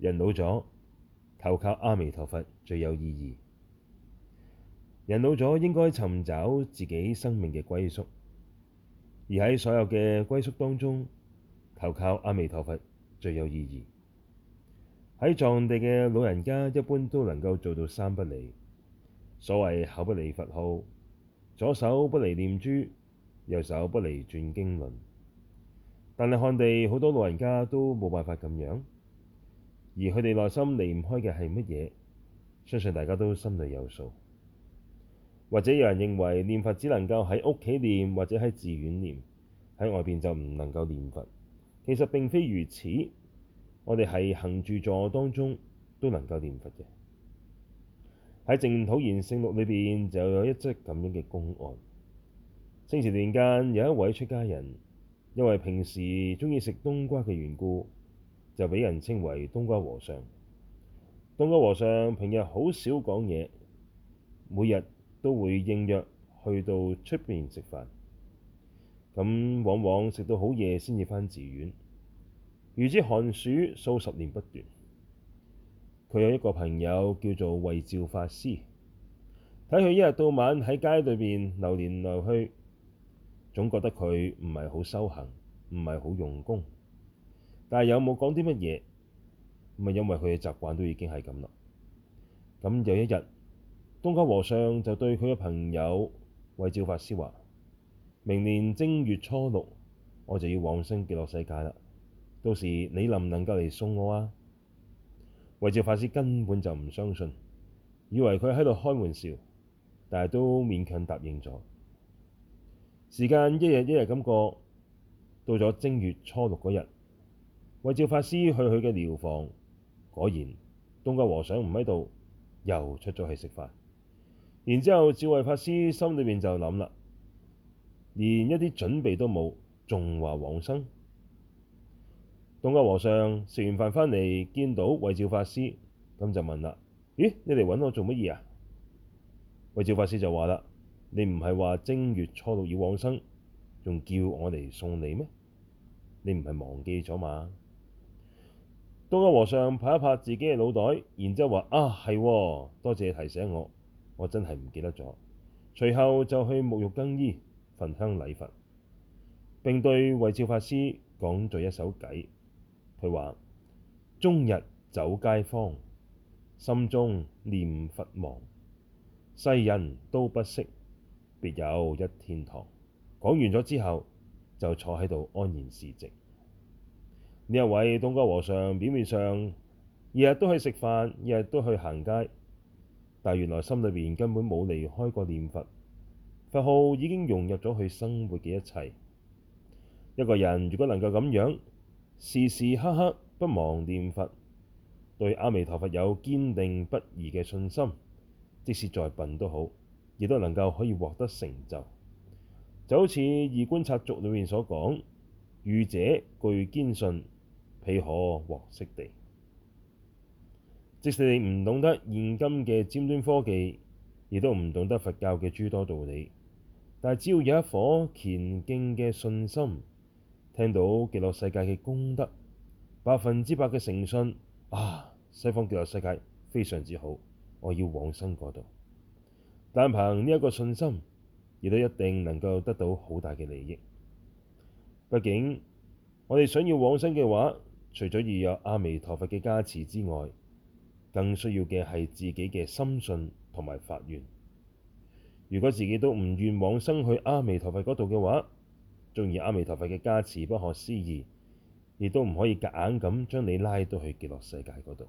人老咗，投靠阿彌陀佛最有意義。人老咗應該尋找自己生命嘅歸宿，而喺所有嘅歸宿當中，投靠阿彌陀佛最有意義。喺藏地嘅老人家一般都能夠做到三不離，所謂口不離佛號，左手不離念珠，右手不離轉經輪。但係漢地好多老人家都冇辦法咁樣。而佢哋內心離唔開嘅係乜嘢？相信大家都心裏有數。或者有人認為念佛只能夠喺屋企念，或者喺寺院念，喺外邊就唔能夠念佛。其實並非如此，我哋係行住坐當中都能夠念佛嘅。喺《淨土賢聖錄》裏邊就有一則咁樣嘅公案。清朝年間有一位出家人，因為平時鍾意食冬瓜嘅緣故。就俾人稱為冬瓜和尚。冬瓜和尚平日好少講嘢，每日都會應約去到出面食飯。咁往往食到好夜先至返寺院。如此寒暑數，數十年不斷。佢有一個朋友叫做慧照法師，睇佢一日到晚喺街對面流連來去，總覺得佢唔係好修行，唔係好用功。但係有冇講啲乜嘢？咁啊，因為佢嘅習慣都已經係咁啦。咁有一日，東家和尚就對佢嘅朋友慧照法師話：明年正月初六我就要往生極樂世界啦，到時你能唔能夠嚟送我啊？慧照法師根本就唔相信，以為佢喺度開玩笑，但係都勉強答應咗。時間一日一日咁過，到咗正月初六嗰日。慧照法師去佢嘅寮房，果然東家和尚唔喺度，又出咗去食飯。然之後慧照法師心裏面就諗啦，連一啲準備都冇，仲話往生。東家和尚食完飯返嚟見到慧照法師，咁就問啦：咦，你嚟搵我做乜嘢啊？慧照法師就話啦：你唔係話正月初六要往生，仲叫我嚟送你咩？你唔係忘記咗嘛？多個和尚拍一拍自己嘅腦袋，然之後話：啊，係，多謝提醒我，我真係唔記得咗。隨後就去沐浴更衣、焚香禮佛，並對慧照法師講咗一首偈。佢話：終日走街坊，心中念佛忙，世人都不識，別有一天堂。講完咗之後，就坐喺度安然示靜。呢一位東家和尚，表面上日日都去食飯，日日都去行街，但原來心裏面根本冇離開過念佛。佛號已經融入咗佢生活嘅一切。一個人如果能夠咁樣時時刻刻不忘念佛，對阿彌陀佛有堅定不移嘅信心，即使再笨都好，亦都能夠可以獲得成就。就好似《二觀察續》裏面所講：愚者具堅信。皮可獲息地，即使你唔懂得現今嘅尖端科技，亦都唔懂得佛教嘅諸多道理，但係只要有一顆虔敬嘅信心，聽到極樂世界嘅功德，百分之百嘅誠信啊，西方極樂世界非常之好，我要往生嗰度。但憑呢一個信心，亦都一定能夠得到好大嘅利益。畢竟我哋想要往生嘅話，除咗要有阿彌陀佛嘅加持之外，更需要嘅係自己嘅深信同埋發願。如果自己都唔願往生去阿彌陀佛嗰度嘅話，縱然阿彌陀佛嘅加持不可思議，亦都唔可以夾硬咁將你拉到去極樂世界嗰度。